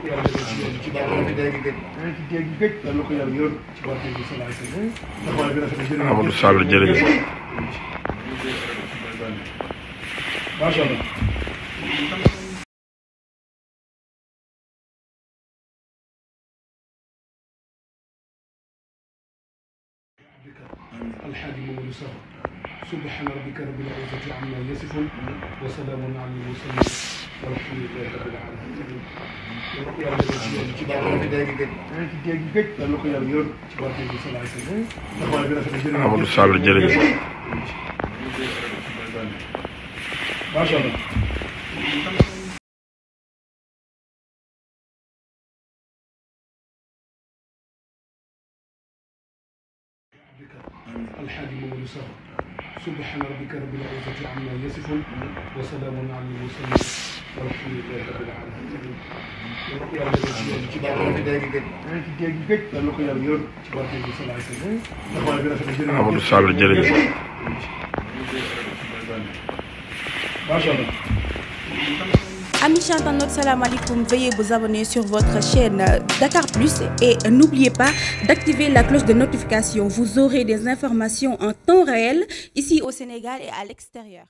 ci yàlla def ci barke bi dégg gëj ci dégg gëj yàlla ko yàlla yor ci barke bi sallallahu alayhi wa sallam bi rafet jërëjëf Amadou Sall jërëjëf macha allah الحاج مولى سهر سبحان ربك رب العزة عما يصفون وسلام على المرسلين والحمد لله رب العالمين yàlla ko yàlla defal ci yoon ci barke bi dégg gëj. ci dégg gëj. yàlla ko yàlla yor ci barke bi salaay salaam. taxawaay bi rafet na jërëjëf Amadou Sall jërëjëf. macha allah. الحاج مولى سبحان ربك رب العزة عما يصفون وسلام على المرسلين alhamdulilah rabbil alamin yàlla ko yàlla ci vous abonner sur votre chaîne Dakar Plus et n'oubliez pas d'activer la cloche de notification. Vous aurez des informations en temps réel ici au Sénégal et à l'extérieur.